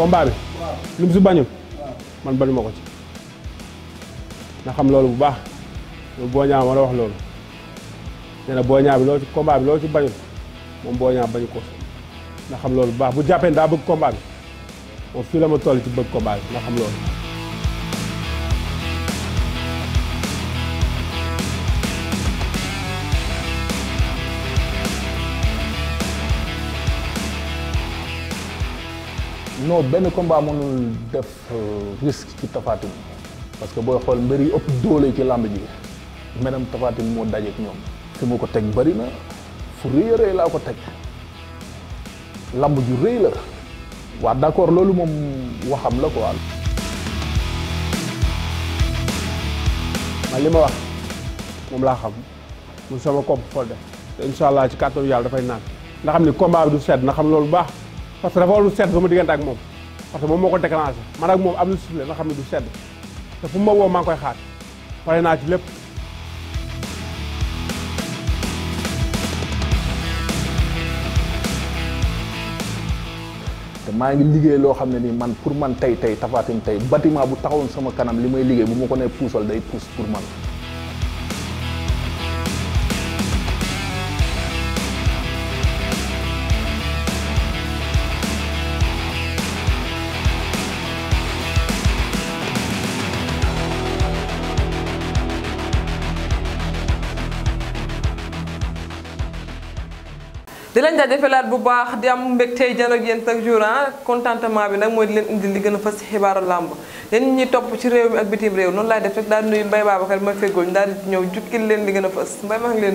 combat bi. si bañul. man bañu ma ko ci. na xam loolu bu baax loolu boo ma la wax loolu nee na boo loolu ci combat loolu ci bañul moom boo bañ ko na xam loolu bu baax bu jàppee daa bëgg combat oo fii la ma toll ci bëgg combat bi na xam loolu. non benn combat mënul def euh, risque ci Tafatine parce que booy xool mbir yi ëpp doole ci làmb ji menam Tafatine moo dajeek ñoom fi mu ko teg bari na fu rëy a rëy laa ko teg làmb ju rëy la waa d'accord loolu moom waxam la quoi. man li ma wax moom laa xam mun sama kopp xool de incha allah ci kàttan yàlla dafay naan nga xam ni combat bi du sedd na xam loolu baax. parce que dafa war lu sedd sama diggante ak moom parce que moom moo ko déclenché man ak moom am na suufle nga xam ne du sedd te fu ma woo maa koy xaar pare naa ci lépp te maa ngi liggéey loo xam ne nii man pour man tey tey Tapha tey bâtiment bu taxawoon sama kanam li may liggéey bu ma ko nee puusal day puus pour man di leen jaajëfalaat bu baax di am mbégtey jano ak yéen chaque jour ah contentement bi nag mooy di leen indi li gën a fas ci xibaaru làmb yéen ñi topp ci ak bitim réew noonu laay def rek daal di nuyu Mbaye Babacar bi ma feggool ñu daal di a fas Mbaye maa ngi leen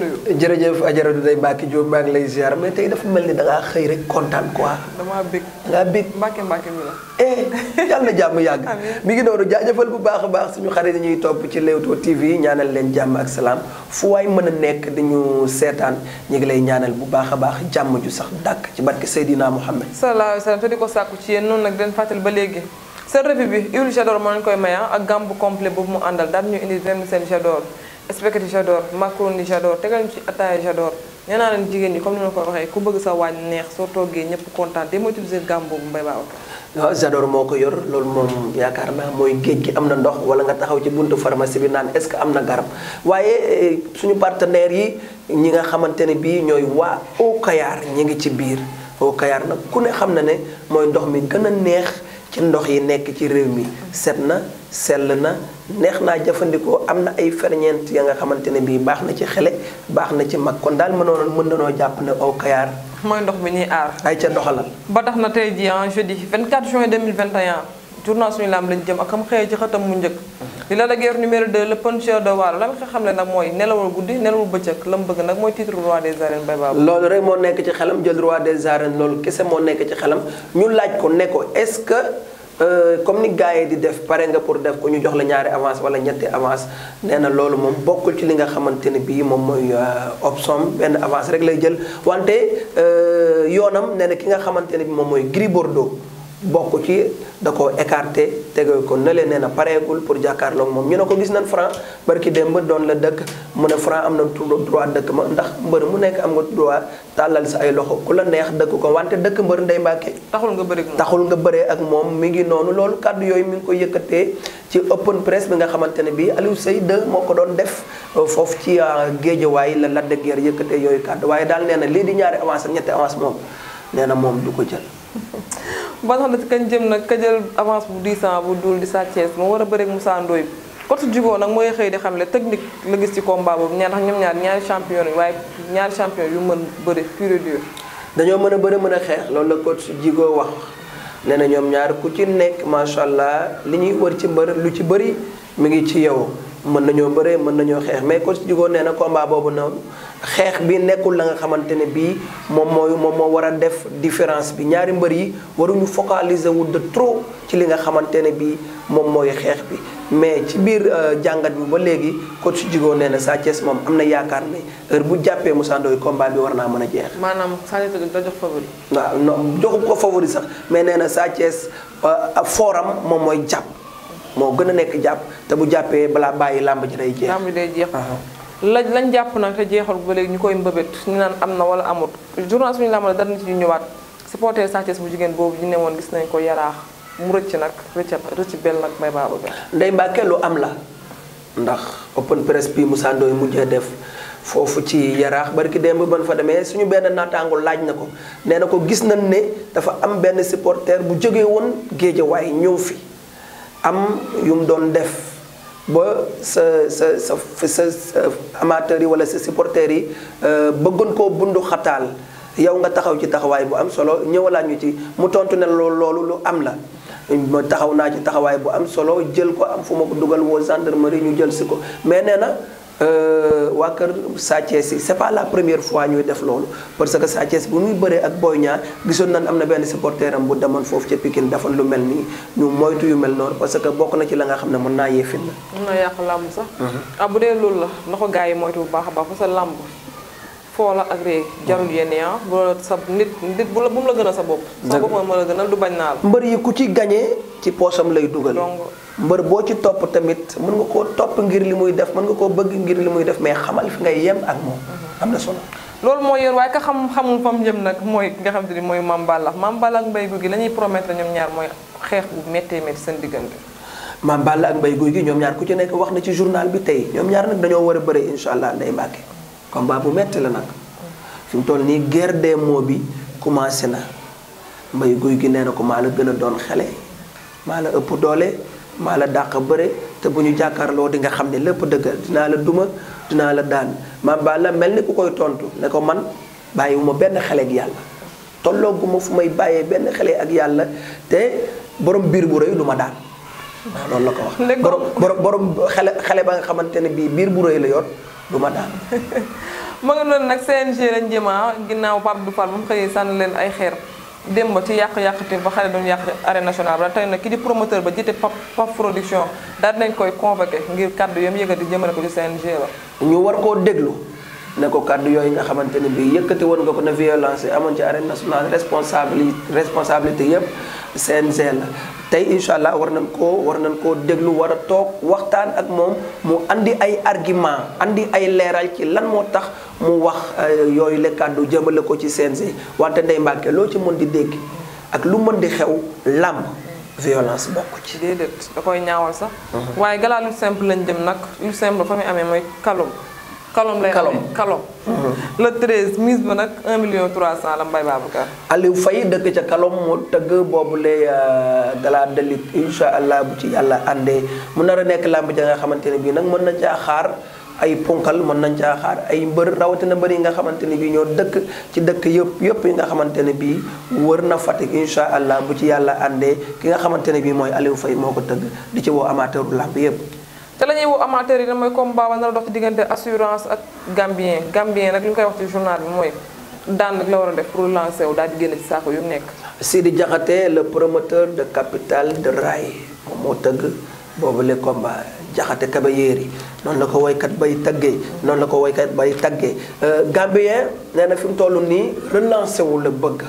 nuyu mel ni da xëy rek kontaan quoi damaa bég dangaa bég mbàkke la eh na jàmm yàgg mi ngi noonu jaajëfal bu baax a baax suñu xarit ñuy topp ci Leewtoo TV ñaanal leen jàmm ak salaam fu waay mën a nekk dañu seetaan ñu ngi lay ñaanal bu baax a baax jàmm ju sax dàkk ci barke Seydina Muhammad sallallahu alayhi wa sallam te di ko sàkku ci yéen noonu nag den fàttali ba léegi seen revue bi huile j'adore moo leen koy maya ak gàmbu bu complet boobu mu àndal daal ñu indi dem seen j'adore spaghetti j'adore macaroni j'adore tegal ñu ci ataaya j'adore nee leen jigéen ñi comme ni ma ko waxee ku bëgg sa waañ neex soo toggee ñëpp kontaan te mooy utiliser gamme boobu mbay baa oto waaw moo ko yor loolu moom yaakaar na mooy géej gi am na ndox wala nga taxaw ci buntu pharmacie bi naan est-ce que am na garab waaye eh, suñu partenaires yi ñi nga xamante ne bii ñooy waa Eau kayaar ñi ngi ci biir Eau kayaar nag ku ne xam na ne mooy ndox mi gën a neex ci ndox yi nekk ci réew mi set na sell na neex naa jëfandikoo am na ay ferñeent ya nga xamante ne bii baax na ci xele baax na ci mag kon daal mënoon mën nanoo jàpp ne aw kayaar. mooy ndox mi ñuy aar. ay ca doxalal. ba tax na tey jii en ah, jeudi 24 juin 2021 journal jëm ak xam xëyee ci xëtam mu njëkk. di la la guerre numéro 2 le puncheur de Waalo la nga xam ne nag mooy nelawul guddi nelawul bëccëg la mu bëgg nag mooy titre roi des arènes bay baabu. loolu rek moo nekk ci xelam jël roi des arènes Euh, comme ni gars yi di def pare nga pour def ko ñu jox la ñaari avance wala ñetti avance nee na loolu moom bokkul ci li nga xamante ne bii moom mooy euh, option benn avance rek lay jël wante euh, yoonam nee na ki nga xamante ne bii moom mooy Gris Bordeaux bokk ci da ko écarté tege ko nële nee na pareegul pour jàkkaarloog moom ñu ne ko gis nañ Franc dem ba doon la dëkk mu ne Franc am na droit dëkk ma ndax mbër mu nekk am nga droit tàllal sa ay loxo ku la neex dëkk ko wante dëkk mbër Ndeye Mbacke taxul nga bëree taxul nga bëree ak moom mi ngi noonu loolu kàddu yooyu mi ngi ko yëkkatee ci open press bi nga xamante ne bii Aliou Seye 2 moo ko doon def euh, foofu ci euh, géejawaay la Lac de Guiers yëkkatee yooyu kàddu waaye daal nee na lii di ñaari avance ñetti avance moom nee na moom du ko jël ba tax na ci kañ jëm nag ka jël avance bu 10 ans bu dul di Sa Thiès moo war a bëri Moussa Ndoye bi. côté Djigo nag mooy xëy di xam ne technique la gis ci combat boobu ñaar tax ñoom ñaar ñaari champion yi waaye ñaari champion yu mën bëri pur et dur. dañoo mën a bëri mën a xeex loolu la ko coach jigo wax nee na ñoom ñaar ku ci nekk macha allah li ñuy wër ci mbër lu ci bëri mu ngi ci yow. mën nañoo bëree mën nañoo xeex mais coach Diogo nee na combat boobu noonu xeex bi nekkul la nga xamante ne bii moom mooy moom moo war a def différence bi ñaari mbër yi waruñu focaliser wu de trop ci li nga xamante ne bii moom mooy xeex bi. mais ci biir euh, jàngat bi ba léegi coach Diogo nee na Sa Thiès moom am na yaakaar ne heure bu jàppee Moussa Ndoye combat bi war naa mën a jeex. maanaam Sa Thiès da jox favori. waaw non ko favori mais nee na Sa Thiès euh, fooram moom mooy jàpp. moo gën a nekk jàpp te bu jàppee balaa bàyyi làmb ji day jeex. làmb ji day jeex. la lañ jàpp nag te jeexal ba léegi ñu koy mbëbët ñu naan am na wala amut journal suñu làmb la dara ci ñu ñëwaat supporter Sa Thiès bu jigéen boobu ñu ne woon gis nañ ko yaraax mu rëcc nag rëcc rëcc bel nag may baaba bel. ndey Mbàkke lu am la ndax open press bi Moussa Ndoye mujjee def. foofu ci yaraax barki démb ban fa demee suñu benn naataango laaj na ko nee na ko gis nañ ne dafa am benn supporter bu jóge woon géejawaay ñëw fi am yu doon def ba sa sa sa sa amateurs yi wala sa supporters yi euh, bëggoon koo bundu xataal yow nga taxaw ci taxawaay bu am solo ñëwalaat ñu ci mu tontu ne loolu loolu lu am la. taxaw naa ci taxawaay bu am solo jël ko am fu ma dugal woo gendarmerie ñu jël si ko mais nee na. Euh, waa kër Sa Thiès yi c'est pas la première fois ñuy def loolu parce que Sa Thiès muy bëree ak Boy Niang gisoon nañ am na benn supporter bu demoon foofu ca Pikine defoon lu mel nii ñu moytu yu mel noonu parce que bokk na ci la nga xam ne mën naa yéefin la. mën na yàq làmb sax. Mhm. ah bu dee loolu la na gaa yi moytu bu baax a baax fa que làmb foo la ak réeg ah. jarul yenn yaa bu la sa nit nit bu la bu mu la gën a sa bopp sa bopp ma la gën a du bañ naa la mbër yi ku ci gañee ci poosam lay dugal mbër boo ci topp tamit mën nga koo topp ngir li muy def mën nga koo bëgg ngir li muy def mais xamal fi ngay yem ak moom uh-huh. am na solo loolu mooy yoon waaye ka xam xamul fam jëm nag mooy nga xam te ni mooy Mame Balla Mame Balla ak Mbaye Gouye Gui la ñuy promettre ñoom ñaar mooy xeex bu méttee métti seen diggante Mame Balla ak Mbaye Gouye Gui ku ci nekk wax na ci journal bi tey ñoom ñaar nag dañoo war a bëre incha allah nday Mbàkke combat bu metti la nag fi mu toll nii guerre des mots bi commencé na mbay guy gi nee na ko maa la gën a doon xale maa la ëpp doole maa la dàq bëre te bu ñu jàkkaarloo di nga xam ne lépp dëggal dinaa la duma dinaa la daan maam baa la mel ni ku koy tontu ne ko man bàyyiwuma benn xale ak yàlla tollooguma fu may bàyyee benn xale ak yàlla te borom biir bu rëy du ma daan waaw loolu la ko xale ba nga xamante ne bii biir bu rëy la yoon du ma daan. ma nga noonu nag CNG lañ jëmaa ginnaaw Pape Abdou Fall ba mu xëyee sànni leen ay xeer démb ci yàq-yàqati ba xale doon yàq arène nationale ba tey nag ki di promoteur ba jiite Pape Pape production daal dinañ koy convoqué ngir kàddu yam yëkkati jëmale ko ci CNG la. ñu war koo déglu. ne ko kàddu yooyu nga xamante ne bii yëkkati woon nga ko na violence amoon ci arène nationale responsabili responsabilité yëpp CNG la tey incha allah war nañ koo war nañ koo déglu war a toog waxtaan ak moom mu indi ay argument indi ay leeral ci lan moo tax mu wax euh, yooyu la kàddu jëmale ko ci seen CNG wante Ndeye Mbacke loo ci mën di dégg ak lu mën di xew làmb violence bokk ci. déedéet da koy ñaawal sax. waaye galaa lu simple lañ dem nag lu simple fa muy amee mooy kalum kalom lay kalom kalom. Uh-huh. le treize ba nag un million trois cent la Mbaye Babacar. Aliou Faye dëkk ca kalom mu tëgg boobu lay euh, gala de lutte incha allah bu ci yàlla àndee mu nar a nekk làmb ja nga xamante ne bii nag mën na caa xaar. ay ponkal mën nañ caa xaar ay mbër rawatina mbër yi nga xamante ne bii ñoo dëkk ci dëkk yëpp yëpp yi nga xamante ne bii wër na Fatick incha allah bu ci yàlla àndee ki nga xamante ne bii mooy Aliou Faye moo ko tëgg di ci woo amateuru làmb yëpp. te la ñuy woo amateur yi nag mooy combat ba nar dox ci diggante assurance ak Gambien Gambien nag li ñu koy wax ci journal bi mooy daan nag la war a def pour lancer wu daal di génn ci saako yu nekk. Sidi Diakhaté le promoteur de capitale de Rail moom moo tëgg boobu le combat Diakhaté Kaba Yéeri noonu la ko woykat bay taggee noonu la ko woykat bay taggee euh, Gambien nee na fi mu toll nii relancer wu la bëgg.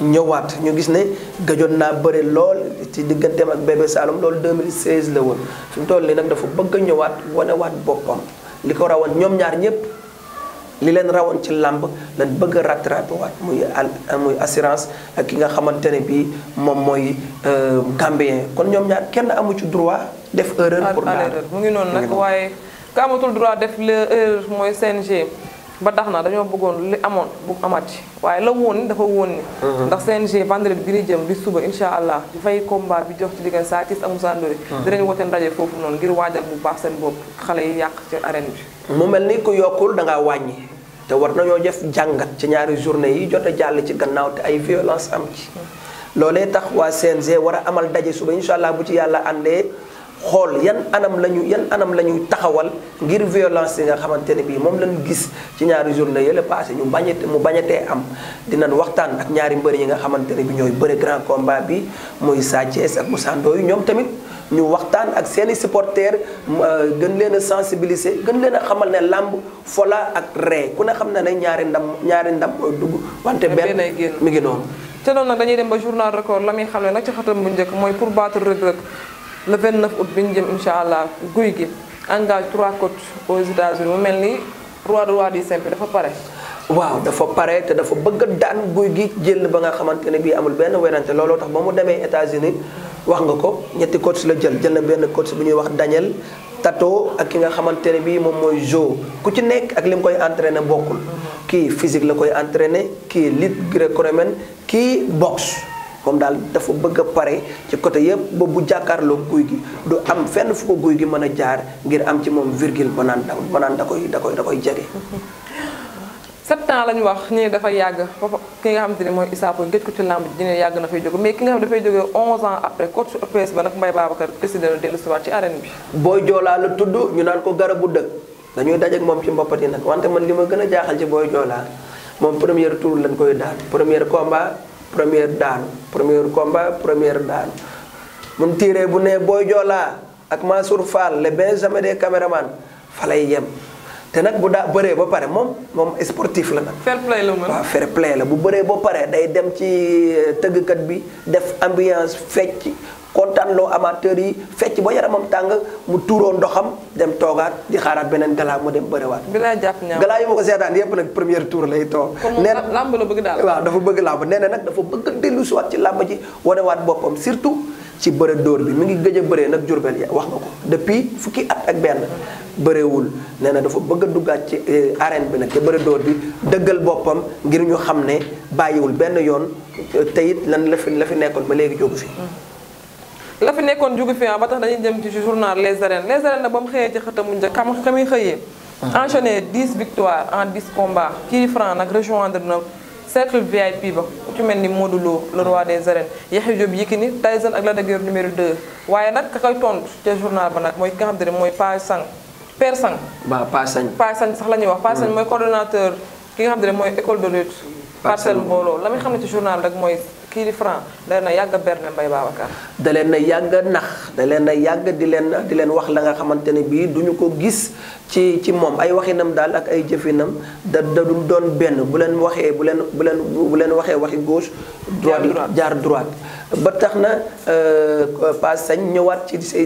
ñëwaat ñu gis ne gëjoon naa bëre lool ci digganteem ak bébé Saloum loolu 2016 la woon fi mu toll nii nag dafa bëgg a ñëwaat waat boppam li ko rawoon ñoom ñaar ñëpp li leen rawoon ci làmb lañ bëgg a rattrapé waat muy muy assurance ak ki nga xamante ne bii moom mooy euh, Gambien kon ñoom ñaar kenn amu ci droit def erreur. pour daal mu ngi noonu nag waaye ka amatul droit def l'erreur mooy CNG. ba dax na dañoo bëggoon li amoon bu amati waaye la woon ni dafa woon ni mhm. ndax CNG vendredi bi ñu jëm bi suba insha allah fay combat bi jox ci diggante Sa Thiès ak Moussa Ndoye mhm. dinañ wote ndaje foofu noonu ngir waajal bu baax seen bopp xale yi yàq ci arène bi mu mel ni ku yokkul danga wàññi te war nañoo def jàngat ci ñaari journée yi jot a jàll ci gannaaw te ay violence am ci mhm. loolee tax waa CNG war a amal daje suba insha allah bu ci yàlla àndee xool yan anam la ñu yan anam la ñu taxawal ngir violence yi nga xamante ne bii moom lañu gis ci ñaari journée yële passé ñu bañ mu bañatee am dinañ waxtaan ak ñaari mbër yi nga xamante ne bi ñooy bëri grand combat bi muy Sa Thiès ak Moussa Ndoye ñoom tamit ñu waxtaan ak seeni supporters euh, gën leen a sensibiliser gën leen a xamal ne làmb fola ak ree ku ne xam na ne ñaari ndam ñaari ndam mooy dugg wante benn mi ngi noonu. te loolu nag dañuy dem ba journal record la muy mooy pour battre Reug le 29 août bi ñu jëm incha allah guy gi engage trois coachs aux États-Unis mu mel ni roi de roi du simple dafa pare. waaw dafa pare te dafa bëgg daan guy gi jël ba nga xamante ne bii amul benn werante looloo tax ba mu demee États-Unis wax nga ko ñetti coach la jël jël na benn coach bu ñuy wax Daniel Tato ak ki nga xamante ne bii moom mooy Jo ku ci nekk ak lim mu koy entraîné bokkul. kii physique la koy entraîné kii lit gréco-romaine kii boxe. moom daal dafa bëgg a pare ci côté yëpp ba bu jàkkaarloo guy gi du am fenn fu ko guy gi mën a jaar ngir am ci moom virgule ba naan da ba naan da koy da koy da koy jege. sept ans lañu wax ñu ne dafa yàgg foofu ki nga xamante ne mooy Issa Pouye gëj ko ci làmb ji ne yàgg na fay jóge mais ki nga xam dafay jóge 11 ans après coach EPS ba nag Mbaye Babacar décidé na dellu si waat ci arène bi. Boy Joolaa la tudd ñu naan ko garabu dëkk dañuy dajeek moom ci mboppat yi nag wante man li ma gën a jaaxal ci Boy Joolaa moom premier tour lañ koy daal premier combat. première daanu première combat première daanu bu tiiree bu nee booy Joolaa ak Mansour Fall le benjamin des caméramans fa lay yem te nag bu daa bëree ba pare moom moom sportif la nag. fair play la moom waaw fair play la bu bëree ba pare day dem ci euh, tëggkat bi def ambiance fecc kontaan loo amateur yi fecc ba yaramam tàng mu tuuroo ndoxam dem toogaat di xaaraat beneen galaa mu dem bëriwaat. galaa jàpp naa galaa yi ma ko seetaan yëpp nag premier tour lay toog. nee na làmb la bëgg daal waaw dafa bëgg làmb nee nag dafa bëgg dellu si waat ci làmb ji wanewaat boppam surtout. ci bëre door bi mi ngi gëj a bëree nag Jurbel ya wax nga ko depuis fukki at ak benn bëreewul nee na dafa bëgg a duggaat ci eh, arène bi nag te bëre dóor bi dëggal boppam ngir ñu xam ne bàyyiwul benn yoon eh, te lan la la fi nekkoon ba léegi jógu fi mm. la fi nekkoon jugu fi ba tax dañuy jëm ci journal Les Arènes Les Arènes nag ba mu xëyee ci xëtam mu njëkk xam xamuy xëyee. Ah. enchaîné 10 victoires en 10 combats kii Franc nag rejoindre na cercle VIP ba ku ci mel ni Modou Lo le roi des arènes Yaxya Diop Yékini Tyson ak Lac de Guiers numéro 2. waaye nag ka koy tontu ca journal ba nag mooy ki nga xam ne mooy Pa Sang Père Sang. waaw Pa Sang sax la ñuy wax. Pa hmm. mooy coordonnateur ki nga xam ne mooy école de lutte. parcelle mbooloo la xam ne ci journal mooy. kii di Franc da leen a yàgg a berne Mbaye Babacar. leen a yàgg nax da leen a yàgg di leen di leen wax la nga xamante ne bii du ñu ko gis ci ci moom ay waxinam daal ak ay jëfinam da da du doon benn bu leen waxee bu leen bu leen bu leen waxee waxi gauche. droite jaar droite. ba tax na euh, Pa sañ ñëwaat ci say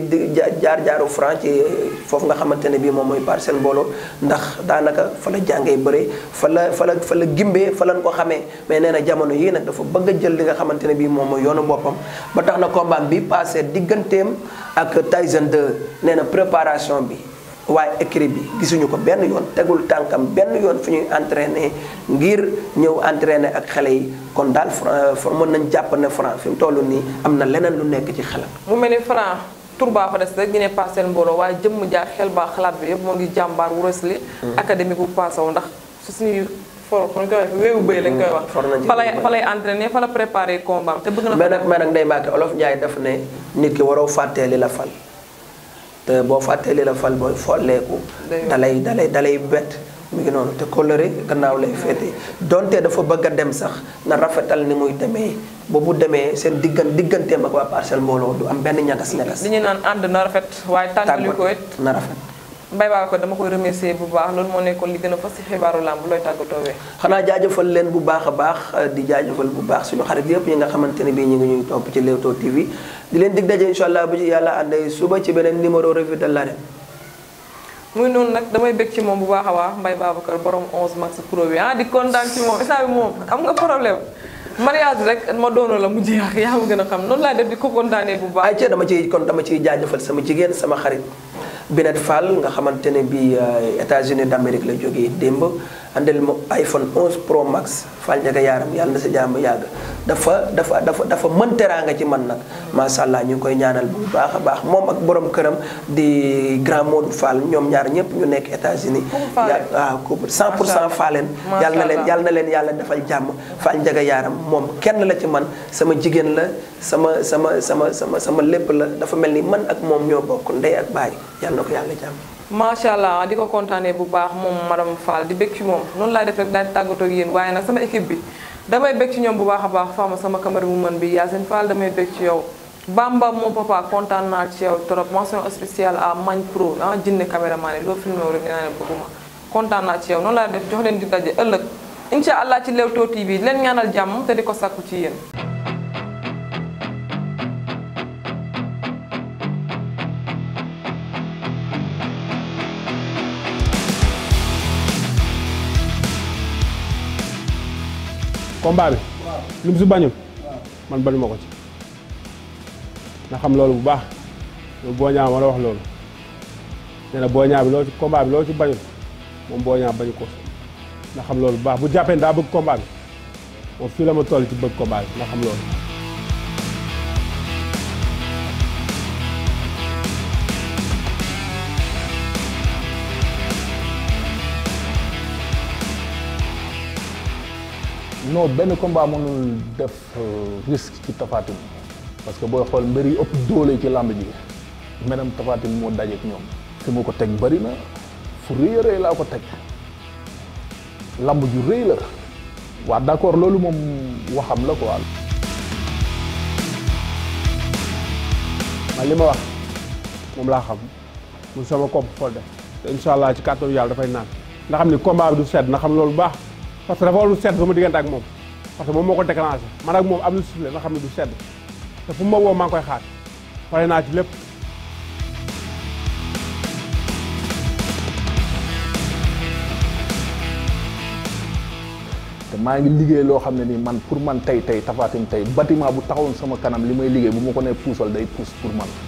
jaar jaaru franc euh, foofu nga xamante ne bii moom mooy Parcelles Mbooloo ndax daanaka fa la jàngee bëre fa la fa la fa la gimbee fa lañ ko xamee mais nee na jamono yii nag dafa bëgg a jël li nga xamante ne bii moom mooy yoonu boppam ba tax na combat bi passé digganteem ak Tyson 2 nee na préparation bi. waaye écrit bi gisuñu ko benn yoon tegul tànkam benn yoon fu ñuy entraîner ngir ñëw entraîner ak xale yi kon daal for euh, mën nañ jàpp ne Franc fi mu toll nii am na leneen lu nekk ci xelam. mu mel ni Franc tur baa fa des rek ñu ne Parcelles mbooloo waaye jëmm jaar xel baa xalaat bi yëpp moo ngi jàmbaar wrestling mm. académique bu paasaw ndax su suñuy for fu ñu koy waxee wéewu bëy lañ koy wax. Mm, for nañ fa lay fa lay entraîner fa la préparer combat te bëgg na. mais nag mais nag Ndeye Mbacke Olof Ndiaye daf ne nit ki waroo fàttee li la fal. te boo fàttee li la fal booy folleeku dalay dalay dalay bett mu ngi noonu te coloré gannaaw lay féete donte dafa bëgg a dem sax na rafetal ni muy demee ba bu demee seen diggan digganteem ak waa parcel mbooloo du am benn ñagas ñagas. li ñu naan ànd na rafet waaye tàngalu ko it na rafet. Mbaye Babacar dama koy remercier bu baax loolu moo nekkoon li gën a fas ci xibaaru làmb looy tàggatoowee xanaa jaajëfal leen bu baax a baax di jaajëfal bu baax suñu xarit yépp yi nga xamante ne bii ñu ngi ñuy topp ci Leewtoo TV di leen dig daje incha allah bu ci yàlla àndee suba ci beneen numéro revue de l'arène muy noonu nag damay bég ci moom bu baax a baax Mbaye Babacar borom 11 max pro ah di kontaan ci moom instant bi moom am nga problème mariage rek ma doono la mu jeex yaa ma gën a xam noonu laay def di ko kontaanee bu baax ay dama ciy kon dama ciy jaajëfal sama jigéen sama xarit Binet Fall nga xamante ne bi euh, États-Unis d'Amérique lay jógee démb andel ma iPhone 11 Pro Max Fall Ndiaga yaaram yàlla na sa jàmm yàgg dafa dafa dafa dafa mën teraanga ci man nag macha allah ñu ngi koy ñaanal bu baax a baax moom ak boroom këram di grand Modou Fall ñoom ñaar ñëpp ñu nekk États-Unis waaw couple 100 pour cent Falleen yàlla na leen yàlla na leen yàlla defal jàmm Fall Ndiaga yaaram moom kenn la ci man sama jigéen la sama sama sama sama sama lépp la dafa mel ni man ak moom ñoo bokk ndey ak baay yàlla na ko yàlla jàmm macha allah di ko kontaanee bu baax moom ma madame Fall di bëgg ci moom noonu laay def rek daal di tàggatoo ak yéen waaye nag sama équipe bi damay bëgg ci ñoom bu baax a baax Fama sama caméra mu mën bi Yacine Fall damay bëgg ci yow. Bamba mon papa kontaan naa ci yow trop mention spéciale à Magne Pro ah jinne caméraman loo filmé wu rek dinaa ne bëgguma kontaan naa ci yow noonu laay def jox leen di daje ëllëg incha allah ci tooti bii leen ñaanal jàmm te di ko sàkku ci yéen. combat bi. lu mu si bañul. man bañu ma ko ci. na xam loolu bu baax loolu boo ma la wax loolu nee na boo ñaaw bi loo ci loo ci bañul moom boo ñaaw bañu ko na xam loolu bu baax bu jàppee daa bëgg combat bi fii la ma toll ci bëgg combat bi na xam loolu. non benn combat mënul def euh, risque ci Tapha parce que booy xool mbir yi ëpp doole ci làmb ji menam Tapha Tine moo dajeek ñoom fi mu ko teg bari na fu rëy a rëy laa ko teg làmb ju rëy la waa d'accord loolu moom waxam la ko quoi. man li ma wax moom laa xam mun sama kopp fol de te ci kàttan yàlla dafay naan nga xam ni combat bi du sedd na xam loolu baax. parce que dafa war lu sedd sama diggante ak moom parce que moom moo ko déclenché man ak moom am na suufle nga xam ne du sedd te fu ma woo maa ngi koy xaar pare naa ci lépp ngi liggéey loo xam ne nii man pour man tey tey Tapha Tine tey bâtiment bu taxawoon sama kanam li may liggéey bu ma ko nee puusal day puus pour man